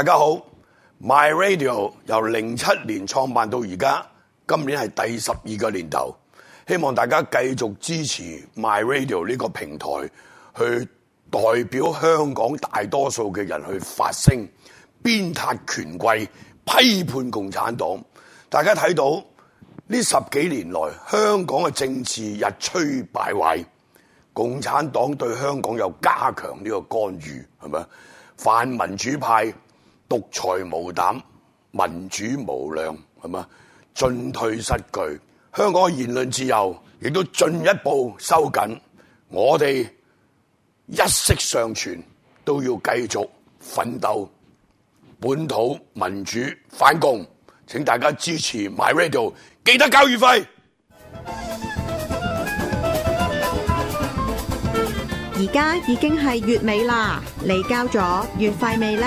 大家好，My Radio 由零七年創辦到而家，今年係第十二個年頭，希望大家繼續支持 My Radio 呢個平台，去代表香港大多數嘅人去發聲，鞭撻權貴，批判共產黨。大家睇到呢十幾年來，香港嘅政治日趨敗壞，共產黨對香港有加強呢個干預，係咪？泛民主派。獨裁無膽，民主無量，係嘛？進退失據，香港嘅言論自由亦都進一步收緊。我哋一息尚存，都要繼續奮鬥。本土民主反共，請大家支持 My Radio，記得交月費。而家已經係月尾啦，你交咗月費未呢？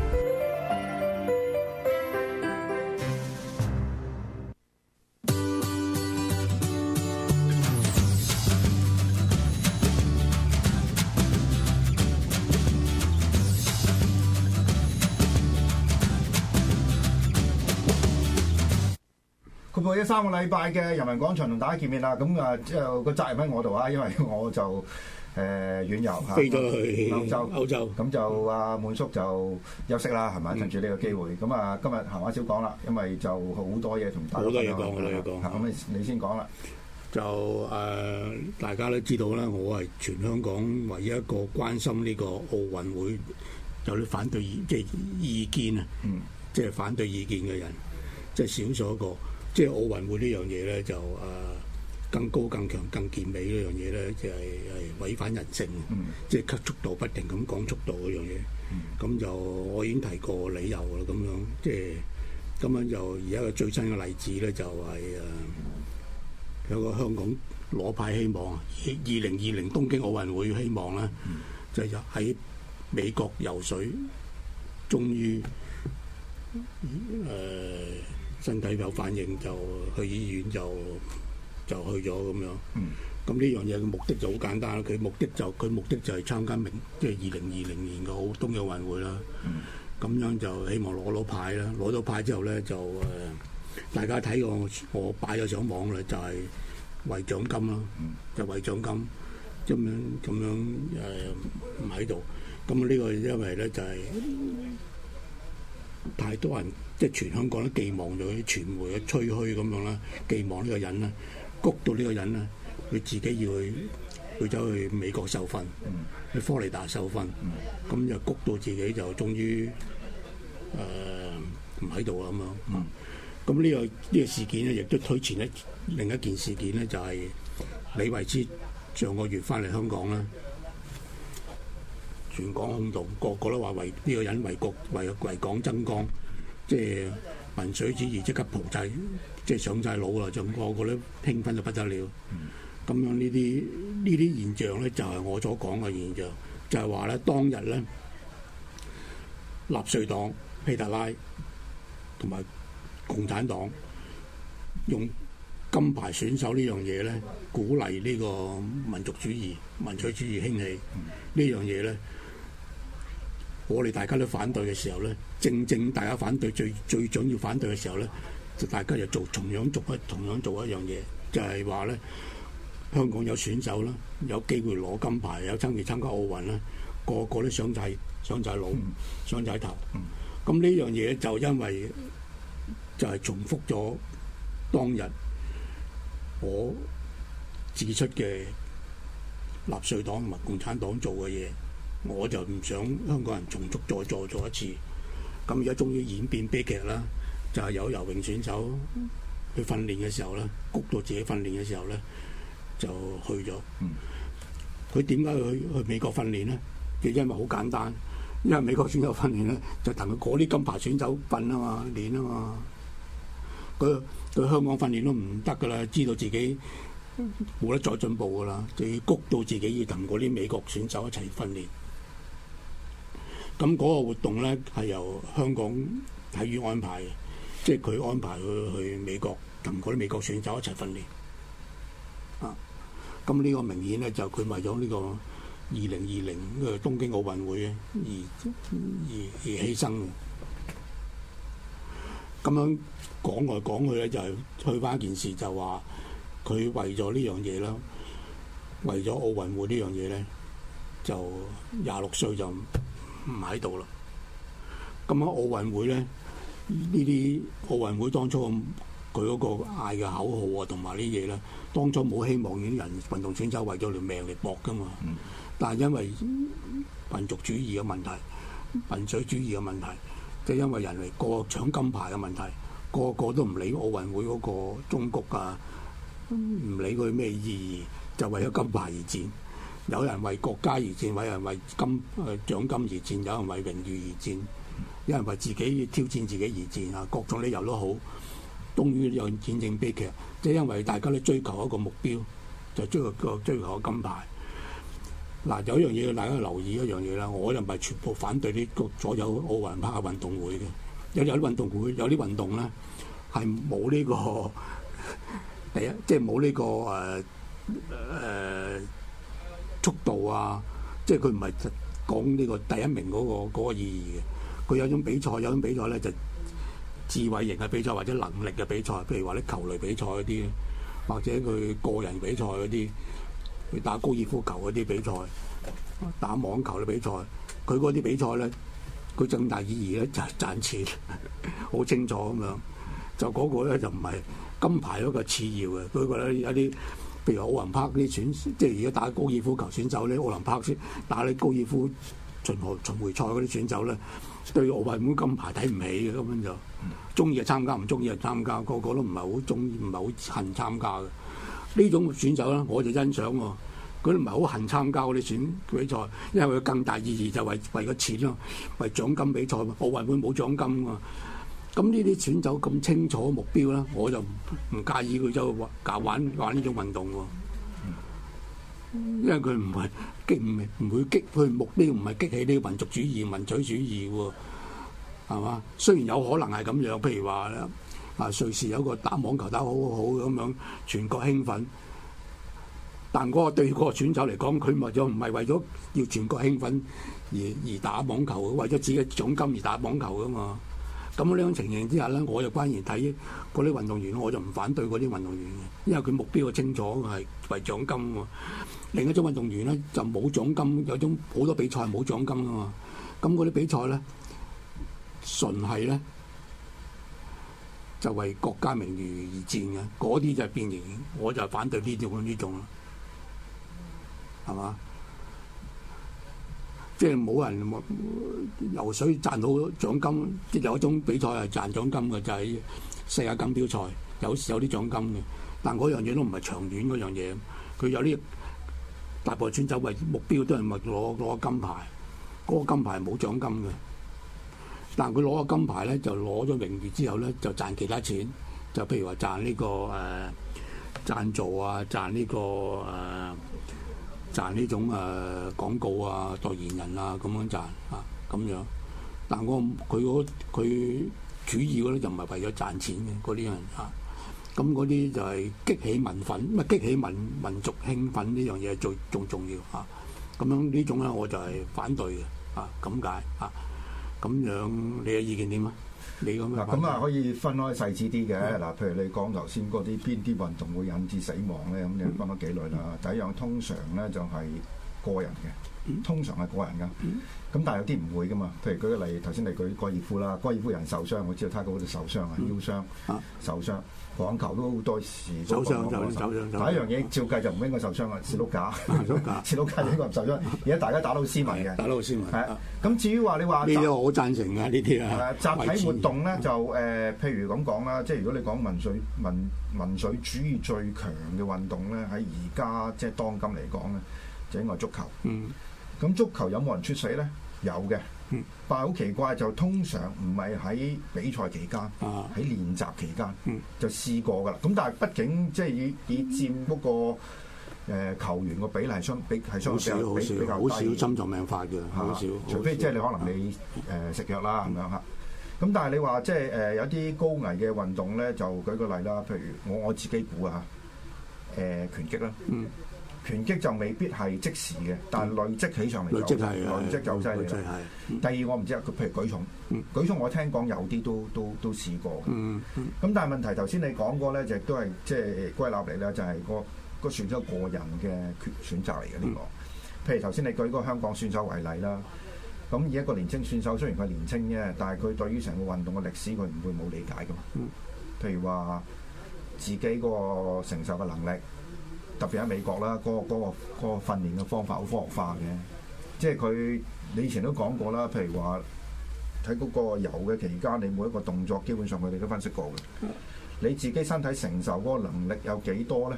去咗三個禮拜嘅人文講場同大家見面啦，咁啊、嗯，就個責任喺我度啊，因為我就誒、呃、遠遊飛咗去歐洲，歐洲咁就阿、啊、滿叔就休息啦，係咪？趁住呢個機會，咁啊、嗯，今日閒話少講啦，因為就好多嘢同大家好多嘢講嘅，好多嘢講。咁你先講啦。就誒、呃，大家都知道啦，我係全香港唯一一個關心呢個奧運會有啲反對意即、就是、意見啊，嗯，即係反對意見嘅、就是就是就是就是、人，即係少咗一個。即係奧運會呢樣嘢咧，就誒、呃、更高、更強、更健美呢樣嘢咧，就係、是、係違反人性、mm. 即係給速度不停咁講速度嗰、mm. 樣嘢。咁就我已經提過理由啦，咁樣即係咁樣就而家最新嘅例子咧，就係、是、誒、呃、有個香港攞派希望啊！二零二零東京奧運會希望咧，mm. 就喺美國游水，終於誒。呃身體有反應就去醫院就就去咗咁樣。咁呢、嗯、樣嘢嘅目的就好簡單啦，佢目的就佢目的就係參加明即係二零二零年嘅好冬奧運會啦。咁、嗯、樣就希望攞攞牌啦，攞到牌之後咧就、呃、大家睇我我擺咗上網啦，就係、是、為獎金啦，就為獎金。咁樣咁樣誒唔喺度。咁呢個因為咧就係、是、太多人。即係全香港都寄望咗啲傳媒啊，吹噓咁樣啦，寄望呢個人啦，谷到呢個人啦，佢自己要去，去走去美國受訓，嗯、去科利達受訓，咁、嗯、就谷到自己就終於誒唔喺度啦咁樣。咁、呃、呢、嗯呢個呢、呢個事件咧，亦都推前一另一件事件咧，就係、係、李維斯上個月翻嚟香港啦，全港哄動，個個都話為呢、呢個人為國為為港增光。即係民粹主義即刻蒲曬，即係上晒腦啊！就個個都興奮到不得了。咁樣呢啲呢啲現象咧，就係我所講嘅現象，就係話咧，當日咧，納粹黨希特拉同埋共產黨用金牌選手呢樣嘢咧，鼓勵呢個民族主義、民粹主義興起、嗯、呢樣嘢咧。我哋大家都反對嘅時候咧，正正大家反對最最重要反對嘅時候咧，就大家又做同樣做，做一樣做一樣嘢，就係話咧，香港有選手啦，有機會攞金牌，有爭去參加奧運啦，個個都想就係想仔佬、嗯、想仔頭。咁呢、嗯、樣嘢就因為就係重複咗當日我指出嘅納粹黨同埋共產黨做嘅嘢。我就唔想香港人重複再做做一次，咁而家終於演變悲劇啦！就係、是、有游泳選手去訓練嘅時候咧，谷到自己訓練嘅時候咧，就去咗。佢點解去去美國訓練呢？嘅因為好簡單，因為美國選手訓練咧，就同佢嗰啲金牌選手訓啊嘛，練啊嘛。佢對香港訓練都唔得噶啦，知道自己冇得再進步噶啦，就要谷到自己要同嗰啲美國選手一齊訓練。咁嗰個活動咧係由香港體院安排嘅，即係佢安排佢去美國同嗰啲美國選手一齊訓練啊！咁呢個明顯咧就佢為咗呢個二零二零嘅東京奧運會而而而犧牲。咁樣講來講去咧，就係去翻一件事，就話佢為咗呢樣嘢啦，為咗奧運會呢樣嘢咧，就廿六歲就唔喺度啦！咁喺奧運會呢，呢啲奧運會當初佢嗰個嗌嘅口號啊，同埋呢嘢呢，當初冇希望啲人運動選手為咗條命嚟搏噶嘛。嗯、但係因為民族主義嘅問題、民粹主義嘅問題，即係因為人哋個個搶金牌嘅問題，個個都唔理奧運會嗰個中國啊，唔理佢咩意義，就為咗金牌而戰。有人為國家而戰，有人為金誒、呃、獎金而戰，有人為榮譽而戰，有人為自己挑戰自己而戰啊！各種理由都好，終於有戰爭悲劇，即係因為大家都追求一個目標，就追求個追求個金牌。嗱，有一樣嘢要大家要留意一樣嘢啦，我又唔係全部反對呢個所有奧運拍運動會嘅，有有啲運動會有啲運動咧係冇呢、呢個係啊，即係冇呢個誒誒。呃呃速度啊，即係佢唔係講呢個第一名嗰、嗰個嗰個意義嘅，佢有種比賽，有種比賽咧就係、智慧型嘅比賽或者能力嘅比賽，譬如話啲球類比賽嗰啲，或者佢個人比賽嗰啲，佢打高爾夫球嗰啲比賽，打網球嘅比賽，佢嗰啲比賽咧，佢正大意義咧就係賺錢，好 清楚咁樣。就嗰個咧就唔係金牌嗰個次要嘅，佢覺得有啲。譬如奧林匹克嗰啲選手，即係而家打高爾夫球選手咧，奧林匹克先打你高爾夫巡迴巡迴賽嗰啲選手咧，對奧運會金牌睇唔起嘅根本就，中意就參加，唔中意就參加，個個都唔係好中意，唔係好恨參加嘅。呢種選手咧，我就欣賞喎、啊，佢唔係好恨參加嗰啲選比賽，因為佢更大意義就為為咗錢咯，為、啊、為獎金比賽，奧運會冇獎金㗎、啊。咁呢啲選手咁清楚目標啦，我就唔唔介意佢就搞玩玩呢種運動喎，因為佢唔係激唔唔會激佢目標唔係激起呢個民族主義、民粹主義喎，係嘛？雖然有可能係咁樣，譬如話啊瑞士有個打網球打好好好咁樣全國興奮，但嗰個對個選手嚟講，佢為咗唔係為咗要全國興奮而而打網球，為咗自己獎金而打網球噶嘛。咁樣呢種情形之下咧，我就反而睇嗰啲運動員，我就唔反對嗰啲運動員嘅，因為佢目標係清楚，係為獎金啊嘛。另一種運動員咧就冇獎金，有種好多比賽冇獎金啊嘛。咁嗰啲比賽咧，純係咧就為國家名譽而戰嘅，嗰啲就係變形，我就反對呢種呢種咯，係嘛？即係冇人游水賺到獎金，即係有一種比賽係賺獎金嘅，就係、是、世界錦標賽有時有啲獎金嘅。但嗰樣嘢都唔係長遠嗰樣嘢，佢有啲大步轉走，為目標都係咪攞攞個金牌？嗰、那個金牌冇獎金嘅，但佢攞個金牌咧就攞咗榮譽之後咧就賺其他錢，就譬如話賺呢、這個誒贊、呃、助啊，賺呢、這個誒。呃賺呢種誒、呃、廣告啊、代言人啊咁樣賺啊，咁樣。但我佢嗰佢主要嗰啲就唔係為咗賺錢嘅嗰啲人啊。咁嗰啲就係激起民憤，咪激起民民族興奮呢樣嘢係最仲重要啊。咁樣呢種呢種咧我就係反對嘅啊，咁解啊。咁樣，嗯、你嘅意見點啊？你咁嗱，咁啊可以分開細緻啲嘅嗱，譬、嗯、如你講頭先嗰啲邊啲運動會引致死亡咧？咁樣、嗯、分咗幾類啦？嗯、第一樣通常咧就係個人嘅，通常係、就是、個人噶。咁但係有啲唔會噶嘛？譬如舉個例，頭先你舉高爾夫啦，高爾夫人受傷，我知道泰國好似受傷啊，腰傷，嗯啊、受傷。網球都好多時，好傷手，打一樣嘢照計就唔應該受傷啊！士碌架，士碌架應該唔受傷。而家大家打到好斯文嘅，打到好斯文。係啊，咁至於話你話咩都好贊成啊！呢啲啊，集體活動咧就誒，譬如咁講啦，即係如果你講民粹民民粹主義最強嘅運動咧，喺而家即係當今嚟講咧，就應該係足球。嗯，咁足球有冇人出水咧？有嘅。嗯、但係好奇怪，就通常唔係喺比賽期間，喺、嗯、練習期間就試過噶啦。咁但係畢竟即係以，以佔嗰、那個誒、呃、球員個比例相比係相比比較，好少比比較低，好少心臟病發嘅，好少。嗯、除非即係你可能你誒、嗯呃、食藥啦咁樣嚇。咁、嗯、但係你話即係誒有啲高危嘅運動咧，就舉個例啦，譬如我我自己估啊，誒、呃、拳擊啦。嗯拳擊就未必係即時嘅，但係累積起上嚟。累積累積就真係犀利。係、嗯、第二我唔知啊，譬如舉重，嗯、舉重我聽講有啲都都都試過咁、嗯嗯、但係問題頭先你講過咧，就都係即係歸納嚟咧，就係、是那個個選手個人嘅決選擇嚟嘅呢個。譬、嗯、如頭先你舉個香港選手為例啦，咁以一個年輕選手，雖然佢年輕啫，但係佢對於成個運動嘅歷史，佢唔會冇理解㗎嘛。譬如話自己個承受嘅能力。特別喺美國啦，嗰個、嗰個、嗰個訓練嘅方法好科學化嘅，即係佢你以前都講過啦，譬如話睇嗰個游嘅期間，你每一個動作基本上佢哋都分析過嘅。你自己身體承受嗰個能力有幾多咧？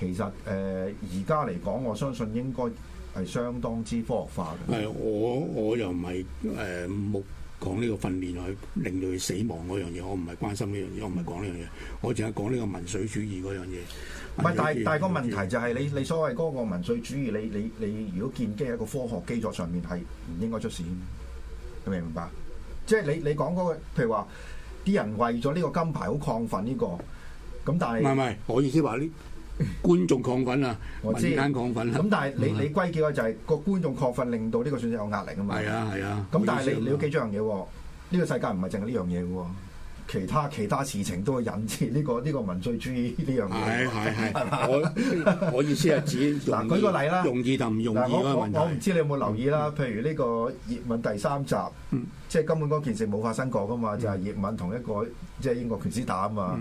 其實誒，而家嚟講，我相信應該係相當之科學化嘅。係我我又唔係誒目。講呢個訓練去令到佢死亡嗰樣嘢，我唔係關心呢樣嘢，我唔係講呢樣嘢，我淨係講呢個民粹主義嗰樣嘢。唔係，但係但係個問題就係你你所謂嗰個民粹主義，你你你如果建基喺一個科學基礎上面，係唔應該出事。你明唔明白？即係你你講嗰個，譬如話啲人為咗呢個金牌好亢奮呢個，咁但係唔係？我意思話呢？觀眾亢奮啊，民間亢奮。咁但係你你歸結嘅就係個觀眾亢奮令到呢個選者有壓力噶嘛？係啊係啊。咁但係你你要記住樣嘢，呢個世界唔係淨係呢樣嘢噶，其他其他事情都會引致呢個呢個民粹主義呢樣嘢。係係係，我我意思係指嗱，舉個例啦，容易就唔容易我唔知你有冇留意啦，譬如呢個葉問第三集，即係根本嗰件事冇發生過噶嘛？就係葉問同一個即係英國拳師打啊嘛。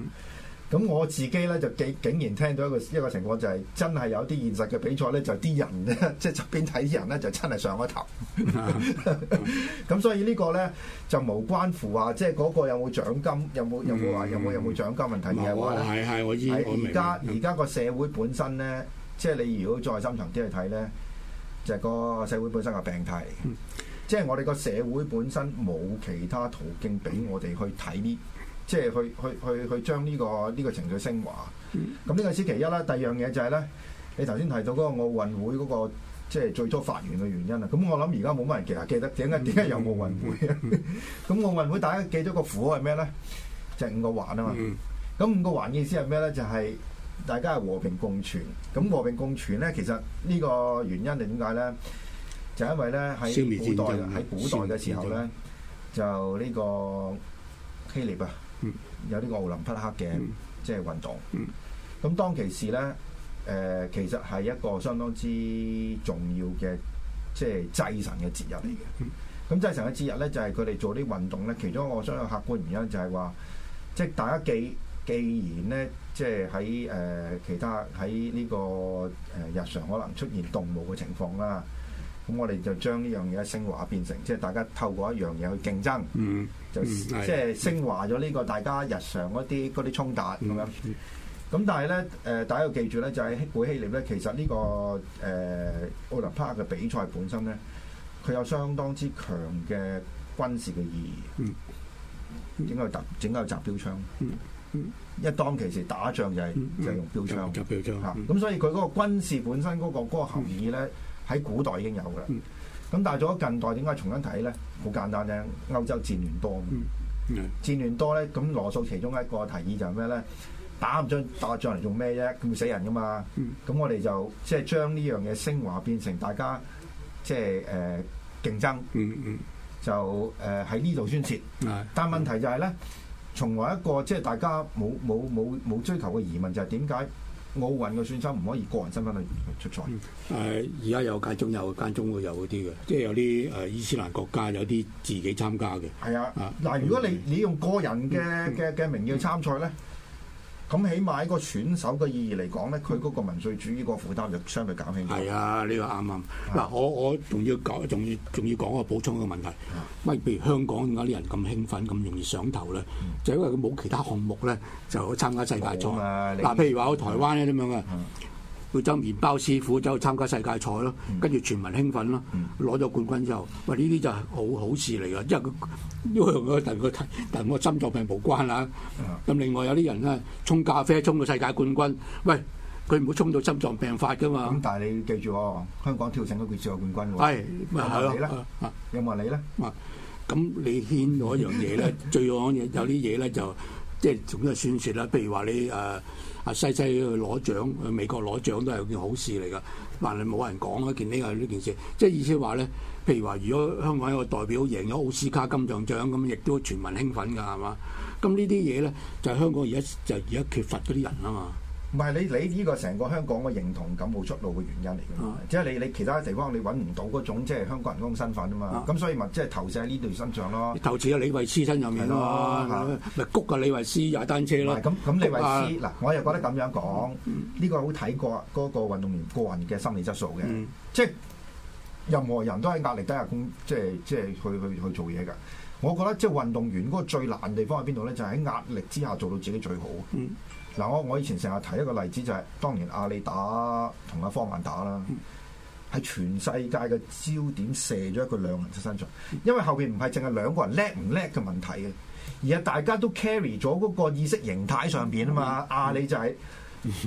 咁我自己咧就竟竟然聽到一個一個情況就係、是、真係有啲現實嘅比賽咧，就啲人咧即係側邊睇啲人咧就真係上咗頭 。咁 所以個呢個咧就無關乎話即係嗰個有冇獎金，有冇有冇話有冇有冇獎金問題嘅、嗯、話咧。係係，我依家而家個社會本身咧，即係你如果再深層啲去睇咧，就係、是、個社會本身嘅病態。嗯、即係我哋個社會本身冇其他途徑俾我哋去睇呢。即係去去去去將呢、這個呢、這個程序升華。咁呢、嗯、個先其一啦。第二樣嘢就係、是、咧，你頭先提到嗰個奧運會嗰、那個，即、就、係、是、最初發源嘅原因啊。咁我諗而家冇乜人其實記得點解點解有奧運會啊？咁、嗯嗯、 奧運會大家記咗個符號係咩咧？就是、五個環啊嘛。咁、嗯、五個環嘅意思係咩咧？就係、是、大家係和平共存。咁和平共存咧，其實呢個原因係點解咧？就因為咧喺古代喺古代嘅時候咧，就呢個希臘啊。有呢啲奧林匹克嘅即係運動，咁、嗯、當其時咧，誒、呃，其實係一個相當之重要嘅即係祭神嘅節日嚟嘅。咁祭、嗯、神嘅節日咧，就係佢哋做啲運動咧。其中一個相信客觀原因就係話，即、就、係、是、大家既既然咧，即係喺誒其他喺呢個誒日常可能出現動武嘅情況啦、啊。咁我哋就將呢樣嘢升華變成，即係大家透過一樣嘢去競爭，就即係、嗯、升華咗呢個大家日常嗰啲啲衝突咁樣。咁但係咧，誒、呃、大家要記住咧，就係、是、古希臘咧，其實呢、這個誒、呃、奧林匹克嘅比賽本身咧，佢有相當之強嘅軍事嘅意義。點解有擲？點解有擲標槍？因為當其時打仗就係、是嗯嗯、就用標槍。擲標槍。咁、嗯嗯嗯、所以佢嗰個軍事本身嗰、那個嗰、那個含義咧。嗯嗯嗯喺古代已經有噶啦，咁但係做咗近代，點解重新睇咧？好簡單啫，歐洲戰亂多，嗯嗯、戰亂多咧，咁羅素其中一個提議就係咩咧？打唔將打仗嚟做咩啫？會死人噶嘛？咁、嗯、我哋就即係、就是、將呢樣嘢升華，變成大家即係誒競爭。嗯嗯，嗯就誒喺呢度宣洩。嗯、但問題就係咧，從來一個即係、就是、大家冇冇冇冇追求嘅疑問，就係點解？奧運嘅選手唔可以個人身份去出賽。誒、嗯，而、呃、家有間中有間中會有嗰啲嘅，即、就、係、是、有啲誒、呃、伊斯蘭國家有啲自己參加嘅。係啊，嗱、啊，嗯、如果你你用個人嘅嘅嘅名義參賽咧？嗯嗯呢咁起碼喺個選手嘅意義嚟講咧，佢嗰個民粹主，主義個負擔就相對減輕。係啊，呢、這個啱啱嗱，我我仲要，要，要，要講，仲要仲要講個補充一個問題。喂、嗯，譬如香港點解啲人咁興奮，咁容易上頭咧，嗯、就因為佢冇其他項目咧，就參加世界賽。嗱，譬如話我台灣咧咁、嗯、樣啊。嗯佢爭麵包師傅，走去參加世界賽咯，跟住、嗯、全民興奮咯，攞咗冠軍之後，喂呢啲就係好好事嚟噶，因為因為佢同個同個心臟病冇關啦、啊。咁的另外有啲人咧，衝咖啡衝到世界冠軍，喂佢唔好衝到心臟病發噶嘛、啊。咁但係你記住我，香港跳繩嗰個世界冠軍喎。係，咁、嗯、你咧？有冇你咧？咁你牽一樣嘢咧？ 最我有啲嘢咧，就即、是、係總之係宣洩啦。譬如話你誒。呃啊，細細去攞獎，去美國攞獎都係件好事嚟㗎，但係冇人講啊！件呢個呢件事，即係意思話咧，譬如話，如果香港有個代表贏咗奧斯卡金像獎咁，亦都全民興奮㗎，係嘛？咁呢啲嘢咧，就係香港而家就而家缺乏嗰啲人啊嘛。唔係你你呢個成個香港嘅認同感冇出路嘅原因嚟嘅，即係你你其他地方你揾唔到嗰種即係香港人嗰種身份啊嘛，咁所以咪即係投射喺呢隊身上咯。投射喺李慧詩身上面咯，咪谷啊李慧詩踩單車咯。咁咁李慧詩嗱，我又覺得咁樣講，呢個好睇過嗰個運動員個人嘅心理質素嘅，即係任何人都喺壓力底下工，即係即係去去去做嘢㗎。我覺得即係運動員嗰個最難地方喺邊度咧？就係喺壓力之下做到自己最好。嗱，我我以前成日提一個例子就係，當年阿里打同阿方曼打啦，係全世界嘅焦點射咗喺兩個人身上。因為後邊唔係淨係兩個人叻唔叻嘅問題嘅，而係大家都 carry 咗嗰個意識形態上邊啊就是就是是是嘛。阿里就係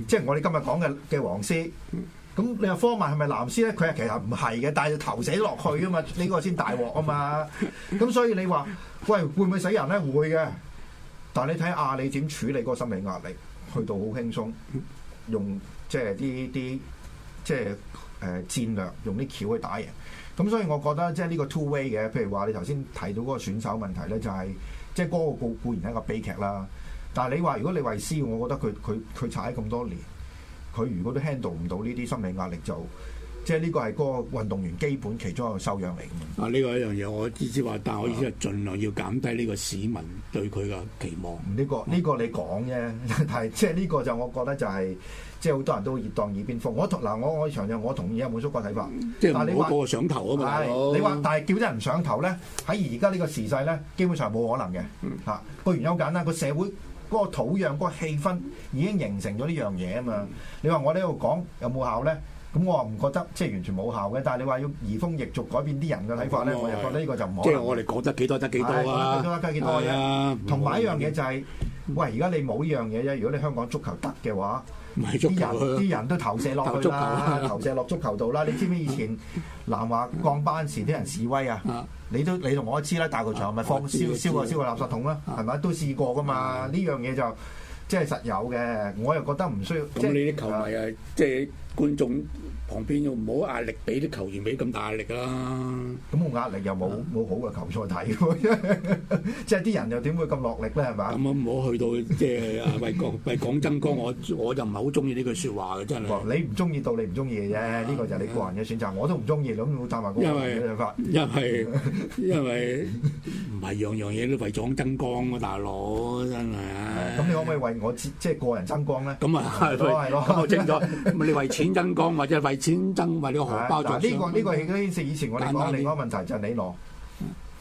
即係我哋今日講嘅嘅黃絲，咁你話方曼係咪藍絲咧？佢係其實唔係嘅，但係投死落去啊嘛，呢個先大鑊啊嘛。咁所以你話，喂會唔會死人咧？會嘅，但係你睇下阿里點處理嗰個心理壓力。去到好輕鬆，用即係呢啲即係誒、呃、戰略，用啲橋去打贏。咁所以我覺得即係呢個 two way 嘅。譬如話你頭先提到嗰個選手問題咧，就係、是、即係嗰個固固然係一個悲劇啦。但係你話如果你為師，我覺得佢佢佢踩咁多年，佢如果都 handle 唔到呢啲心理壓力就。即係呢個係嗰個運動員基本其中一個修養嚟嘅。啊，呢個一樣嘢，我意思話，但係我依家儘量要減低呢個市民對佢嘅期望。呢個呢個你講啫，但係即係呢個就我覺得就係，即係好多人都熱當耳邊風。我同嗱，我我長嘅，我同意阿滿叔個睇法。即係我個上投啊嘛。你話，但係叫啲人上投咧，喺而家呢個時勢咧，基本上冇可能嘅。嗯。嚇，個原因好簡單，個社會嗰個土壤、嗰、嗰個氣氛已經形成咗呢樣嘢啊嘛。你話我有有呢度講有冇效咧？咁我又唔覺得即係完全冇效嘅，但係你話要移風易俗改變啲人嘅睇法咧，我又覺得呢個就唔好。即係我哋講得幾多得幾多啊？幾得幾多啊？同埋一樣嘢就係，喂，而家你冇呢樣嘢啫。如果你香港足球得嘅話，啲人啲人都投射落去啦，投射落足球度啦。你知唔知以前南華降班時啲人示威啊？你都你同我一知啦。大球場咪放燒燒啊燒個垃圾桶啊，係咪都試過㗎嘛？呢樣嘢就即係實有嘅。我又覺得唔需要。咁你啲球迷係即係？觀眾旁邊又唔好壓力，俾啲球員俾咁大壓力啦。咁啊壓力又冇冇好嘅球賽睇，即係啲人又點會咁落力咧？係嘛？咁啊唔好去到即係為國為港爭光，我我就唔係好中意呢句說話嘅真係。你唔中意到你唔中意嘅啫，呢個就係你個人嘅選擇。我都唔中意咁，冇贊埋個。因為因為因為唔係樣樣嘢都為咗爭光啊大佬真係。咁你可唔可以為我即係個人爭光咧？咁啊係咯係咯，我清楚，你為？錢爭光，或者為錢爭，為呢個荷包着想。嗱，呢個呢個係嗰啲食以前我哋講另外一個問題就係李羅，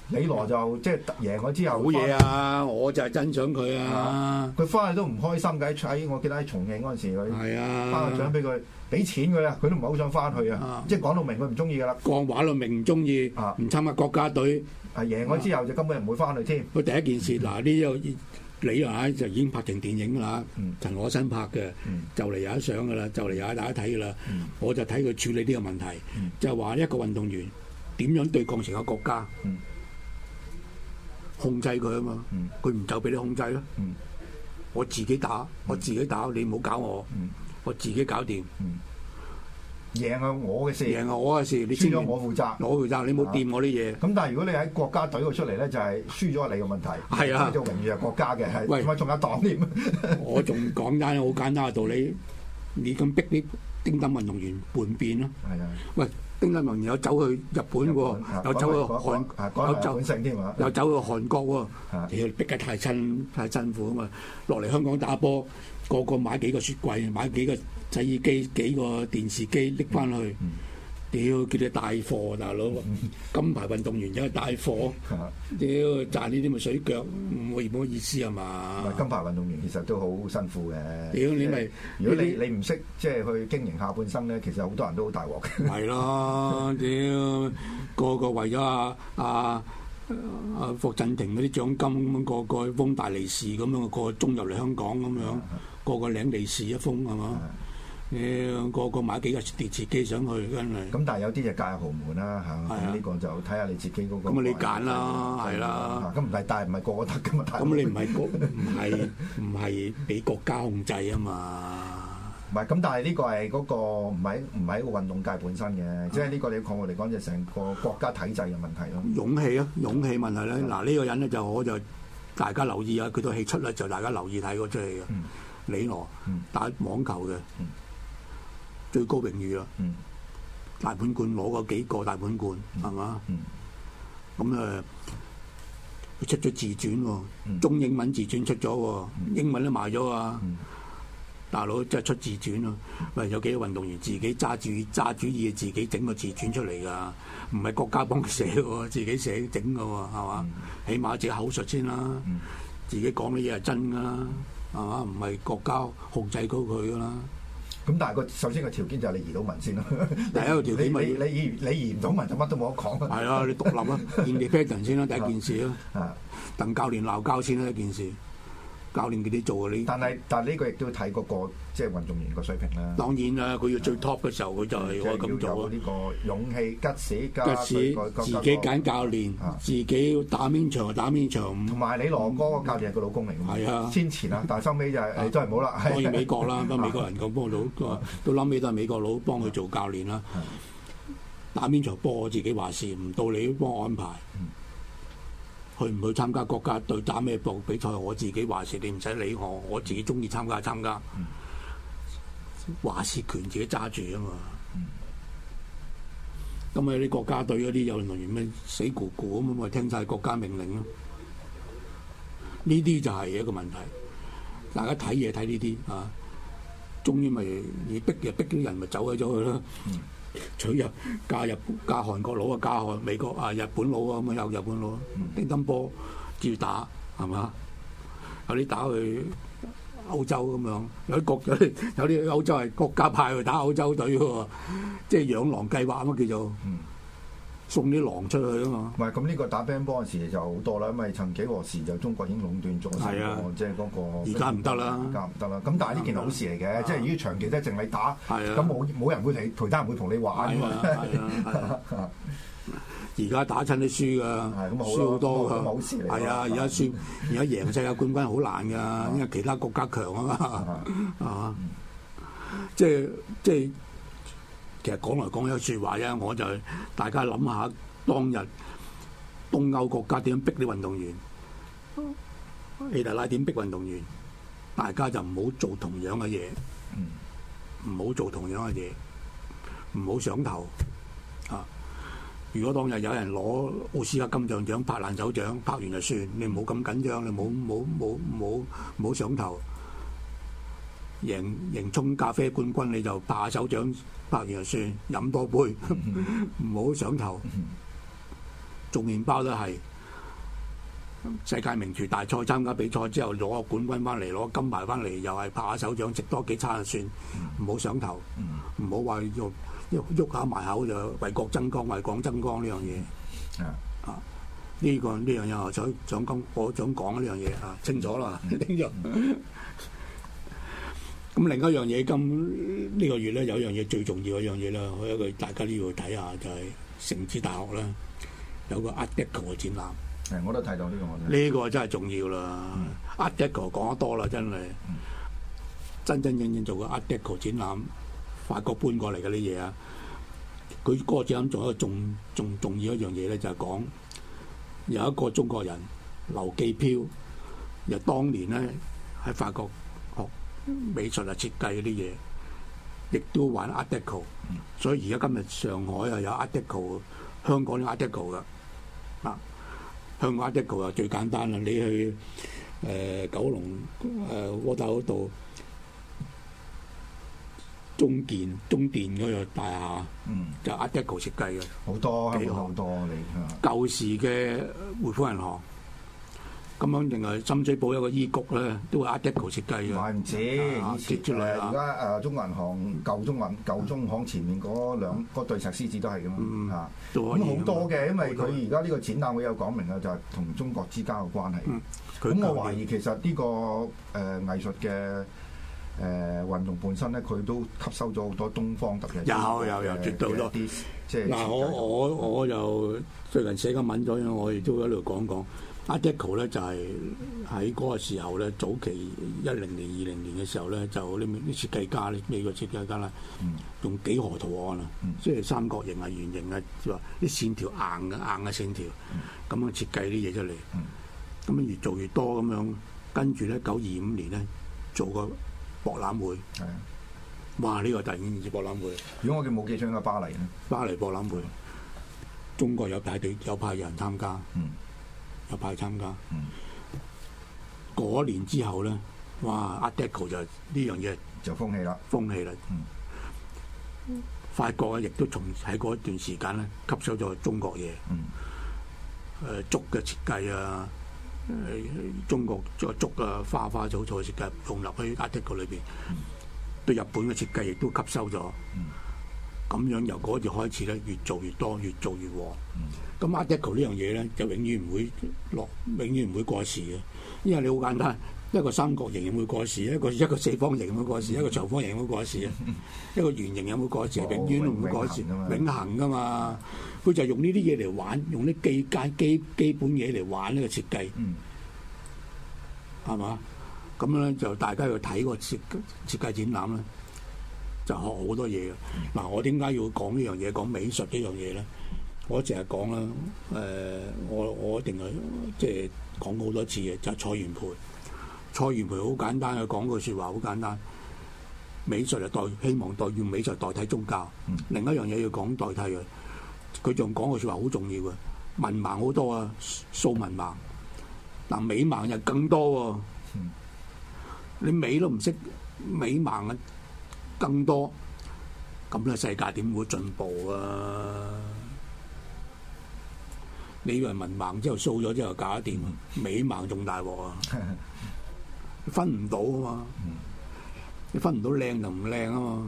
李羅就即係贏咗之後。好嘢啊！我就係欣賞佢啊！佢翻去都唔開心嘅，喺我記得喺重慶嗰陣時佢。係啊，頒個獎俾佢，俾錢佢啦，佢都唔係好想翻去啊即係講到明，佢唔中意噶啦。講話到明唔中意，唔參加國家隊。係贏咗之後就根本唔會翻去添。佢第一件事嗱，呢個。你啊，就已經拍成電影啦，陳可辛拍嘅，就嚟有一相噶啦，就嚟有得睇噶啦。我就睇佢處理呢個問題，就話一個運動員點樣對抗成個國家，控制佢啊嘛，佢唔就俾你控制咯。我自己打，我自己打，你唔好搞我，我自己搞掂。贏係我嘅事，贏係我嘅事，輸咗我負責，我負責，你冇掂我啲嘢。咁但係如果你喺國家隊度出嚟咧，就係輸咗你嘅問題。係啊，就榮譽係國家嘅。喂，點仲有黨添。我仲簡單，好簡單嘅道理。你咁逼啲乒乓運動員叛變咯？係啊。喂，乒乓運動員有走去日本喎，有走去韓，有走去韓國喎。其實，逼得太辛太辛苦啊嘛，落嚟香港打波。個個買幾個雪櫃，買幾個洗衣機，幾個電視機拎翻去，屌叫你帶貨，大佬 金牌運動員又係帶貨，屌 賺呢啲咪水腳，唔好意思係嘛？金牌運動員其實都好辛苦嘅。屌你咪，如果你你唔識即係去經營下半生咧，其實好多人都好大鑊嘅。係咯，屌個個為咗阿阿阿霍震霆嗰啲獎金咁樣個個，個個封大利是咁樣個個中入嚟香港咁樣。 個個領利是一封係嘛？你個個買幾架電視機上去，真係。咁但係有啲就嫁豪門啦，係嘛？咁呢個就睇下你自己嗰個。咁啊，你揀啦，係啦。咁唔係，但係唔係個個得㗎嘛？咁你唔係國唔係唔係俾國家控制啊嘛？唔係咁，但係呢個係嗰個唔係唔係一個運動界本身嘅，即係呢個你括我嚟講，就成個國家體制嘅問題咯。勇氣啊，勇氣問題咧。嗱呢個人咧就我就大家留意啊，佢套戲出嚟就大家留意睇嗰出戲嘅。李羅打網球嘅最高榮譽啦，嗯、大滿貫，攞過幾個大滿貫係嘛？咁啊出咗自傳喎，中英文自傳出咗喎，英文都賣咗啊！大佬即係出自傳啊，喂，有幾個運動員自己揸主揸主意，自己整個自傳出嚟㗎？唔係國家幫佢寫喎，自己寫整㗎喎，係嘛？起碼自己口述先啦，自己講嘅嘢係真㗎。係嘛？唔係、啊、國家控制高佢噶啦。咁但係個首先個條件就係你移民先啦。第一個條件咪、就是、 你你你，你移唔到民就乜都冇得講。係啊，你獨立啊 independent 先啦，第一件事啦。啊，鄧教練鬧交先啦，一件事。教練佢哋做啊，你但係但係呢個亦都要睇嗰個即係運動員個水平啦。當然啦，佢要最 top 嘅時候，佢就係可以咁做。呢個勇氣、急死、急死，自己揀教練，自己打面場啊，打面場。同埋你羅哥個教練係個老公嚟㗎啊，先前啊，但係收尾就係真係冇啦。去美國啦，幫美國人咁幫到，都諗起都係美國佬幫佢做教練啦。打面場我自己話事，唔到你幫我安排。去唔去參加國家隊打咩博比賽，我自己話事，你唔使理我。我自己中意參加就參加，話事權自己揸住啊嘛。咁啊啲國家隊嗰啲游泳員咪死咕咕咁，咪聽晒國家命令咯。呢啲就係一個問題，大家睇嘢睇呢啲啊，終於咪要逼嘅逼啲人咪走咗咗去咯。取入加入加韓國佬啊，加韓美國啊，日本佬啊，咁啊有日本佬乒乓波住打係嘛？有啲打去歐洲咁樣，有啲國有啲歐洲係國家派去打歐洲隊喎，即係養狼計劃吖嘛，叫做。送啲狼出去啊嘛！唔係咁呢個打乒乓嘅時就好多啦，因為曾幾何時就中國已經壟斷咗成個即係嗰個。而家唔得啦，而家唔得啦。咁但係呢件好事嚟嘅，即係如果長期都淨係打，咁冇冇人會嚟，其他人會同你玩。而家打親啲輸噶，輸好多噶。好事嚟。係啊，而家輸，而家贏世界冠軍好難噶，因為其他國家強啊嘛啊！即係即係。其實講來講去一句說話呀，我就大家諗下當日東歐國家點樣逼啲運動員，希特拉點逼運動員，大家就唔好做同樣嘅嘢，唔好做同樣嘅嘢，唔好上頭啊！如果當日有人攞奧斯卡金像獎拍爛手掌，拍完就算，你唔好咁緊張，你唔好唔好唔好唔好唔好上頭。贏贏沖咖啡冠軍你就拍手掌，拍完就算，飲多杯，唔好、mm hmm. 上頭。仲麵包都係世界名廚大賽參加比賽之後攞個冠軍翻嚟，攞金牌翻嚟，又係拍手掌，食多幾餐就算，唔好、mm hmm. 上頭，唔好話喐喐喐下埋口就為國爭光、為港爭光呢樣嘢。Mm hmm. 啊呢、呢個呢樣嘢我想講，我想講呢樣嘢啊，清楚啦。清楚。咁另一樣嘢，今呢、這個月咧有一樣嘢最重要一樣嘢啦，我一個大家都要睇下，就係、是、城市大學啦，有個 Art Deco 嘅展覽。係、這個，我都睇到呢個呢個真係重要啦、嗯、，Art Deco 講得多啦，真係。嗯、真真正正做個 Art Deco 展覽，法國搬過嚟嘅啲嘢啊。佢個展覽仲有一個重重重要一樣嘢咧，就係、是、講有一個中國人劉寄飄，由當年咧喺法國。美術啊，設計嗰啲嘢，亦都玩 Art Deco，嗯、所以而家今日上海又有 Art Deco，香港有 Art Deco 噶，啊，香港 Art Deco 又最簡單啦，你去誒、呃、九龍誒窩仔嗰度，中電中電嗰度大廈，嗯、就 Art Deco 設計嘅，好多，幾航多好多你啊，舊時嘅匯豐銀行。咁樣定係深水埗有個衣谷咧，都會 adequate 設計㗎。唔係唔止，接住嚟。而家誒中國銀行舊中銀舊中行前面嗰兩個對石獅子都係咁啊。咁好多嘅，因為佢而家呢個展覽會有講明啊，就係同中國之間嘅關係。咁我懷疑其實呢個誒藝術嘅誒運動本身咧，佢都吸收咗好多東方特別有有有絕對多啲。即係嗱，我我我又最近寫緊文咗，因為我亦都會喺度講講。Adeco 咧就係喺嗰個時候咧，早期一零年、二零年嘅時候咧，就呢啲設計家咧，美國設計家啦，嗯、用幾何圖案啊，嗯、即係三角形啊、圓形啊，即係話啲線條硬嘅、硬嘅線條，咁、嗯、樣設計啲嘢出嚟。咁、嗯、樣越做越多咁樣，跟住咧九二五年咧，做個博覽會。係哇、嗯！呢、呢個第五二次博覽會，如果我哋冇記錯應該巴黎啊。巴黎博覽會，中國有派隊，有派有人參加。嗯。又派參加，嗯，嗰年之後咧，哇，阿 Deco 就呢樣嘢就風氣啦，風氣啦，嗯，法國，國、嗯呃、啊，亦都從喺嗰一段時間咧吸收咗中國嘢，嗯，誒，竹嘅設計啊，誒，中國竹啊，花花草草設計融入去阿 Deco 裏邊，裏面嗯，對日本嘅設計亦都吸收咗，嗯，咁樣由嗰時開始咧，越做越多，越做越旺，越咁 Art Deco 呢樣嘢咧，就永遠唔會落，永遠唔會過時嘅。因為你好簡單，一個三角形會過時，一個有有一個四方形會過時，一個長方形會過時，一個圓形有冇過時？永遠都唔會過時，哦、永恆噶嘛。佢就用呢啲嘢嚟玩，用啲基基基本嘢嚟玩呢個設計，係嘛、嗯？咁咧就大家要睇個設設計展覽咧，就學好多嘢嘅。嗱、嗯啊，我點解要講呢樣嘢，講美術呢樣嘢咧？我成日講啦，誒、呃，我我一定係即係講過好多次嘅，就係、蔡元培。蔡元培好簡單嘅講句説話，好簡單。美術就代希望代用美術代替宗教，嗯、另一樣嘢要講代替佢。佢仲講個説話好重要嘅，文盲好多啊，數文盲。嗱，美盲就更多喎、啊。你美都唔識美盲啊，更多，咁嘅世界點會進步啊？你以為文盲之後掃咗之後搞掂，美盲仲大鑊啊！ 你分唔到啊嘛，你分唔到靚就唔靚啊嘛，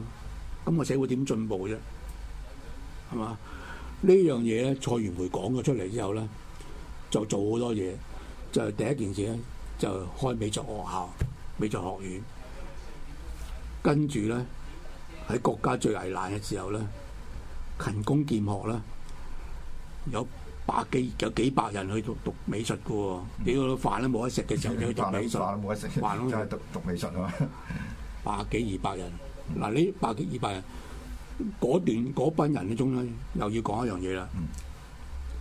咁個社會點進步啫？係嘛？呢樣嘢咧，蔡元培講咗出嚟之後咧，就做好多嘢。就係第一件事咧，就開美術學校、美術學院。跟住咧，喺國家最危難嘅時候咧，勤工儉學啦，有。百幾有幾百人去到讀美術嘅喎、哦，嗯、屌，飯都冇得食嘅時候去讀美術，飯都冇得食，飯都係讀讀美術啊！百幾二百人，嗱呢、嗯、百幾二百人嗰段嗰班人之中咧，又要講一樣嘢啦，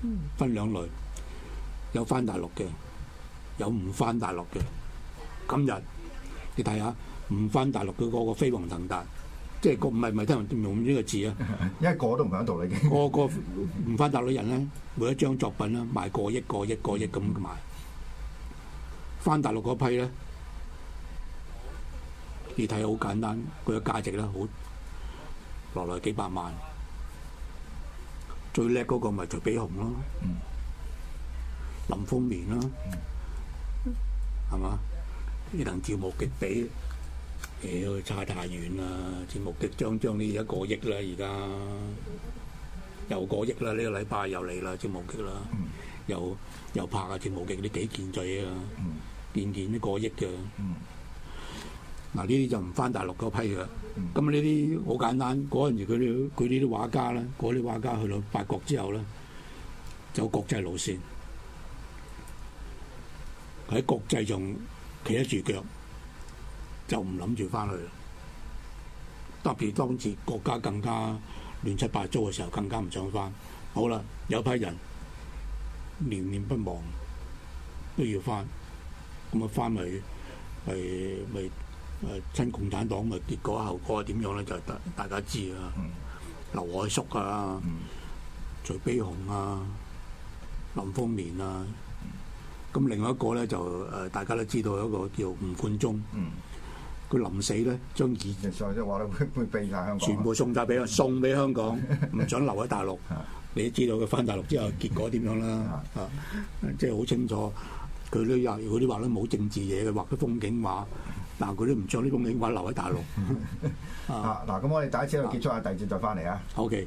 嗯、分兩類，有翻大陸嘅，有唔翻大陸嘅。今日你睇下唔翻大陸嘅個個飛黃騰達。即係個唔係咪都用呢個字啊？一個都唔講道理嘅。個個唔翻大陸人咧，每一張作品啦，賣過億、過億、過億咁賣。翻大陸嗰批咧，你睇好簡單，佢嘅價值咧，好落嚟幾百萬。最叻嗰個咪徐悲鴻咯，林風眠啦，係嘛？能趙無極比。妖、欸，差太遠啦！節目極將將呢一個億啦，而家又過億啦，呢個禮拜又嚟啦，節目極啦，又又拍下節目極嗰啲幾件罪啊，件件都過億嘅。嗱、嗯，呢啲、啊、就唔翻大陸嗰批啦。咁呢啲好簡單。嗰陣時佢哋佢啲啲畫家啦，嗰啲畫家去到八國之後咧，走國際路線，喺國際仲企得住腳。就唔諗住翻去，特別當時國家更加亂七八糟嘅時候，更加唔想翻。好啦，有批人念念不忘都要翻，咁啊翻嚟，係咪誒親共產黨，嘅結果後果點樣咧？就大、是、大家知啊，嗯、劉海叔啊，徐、嗯、悲鴻啊，林風眠啊，咁另外一個咧就誒、呃、大家都知道一個叫吳冠中。嗯佢臨死咧，將以前上即係畫咗佢佢俾香港，全部送晒俾佢，送俾香港，唔想留喺大陸。 你都知道佢翻大陸之後結果點樣啦？ 啊，即係好清楚。佢啲又果啲話咧冇政治嘢，嘅，畫啲風景畫，但佢都唔將啲風景畫留喺大陸。 啊，嗱、 啊，咁我哋第一次又結束下 第二節，再翻嚟啊。好嘅。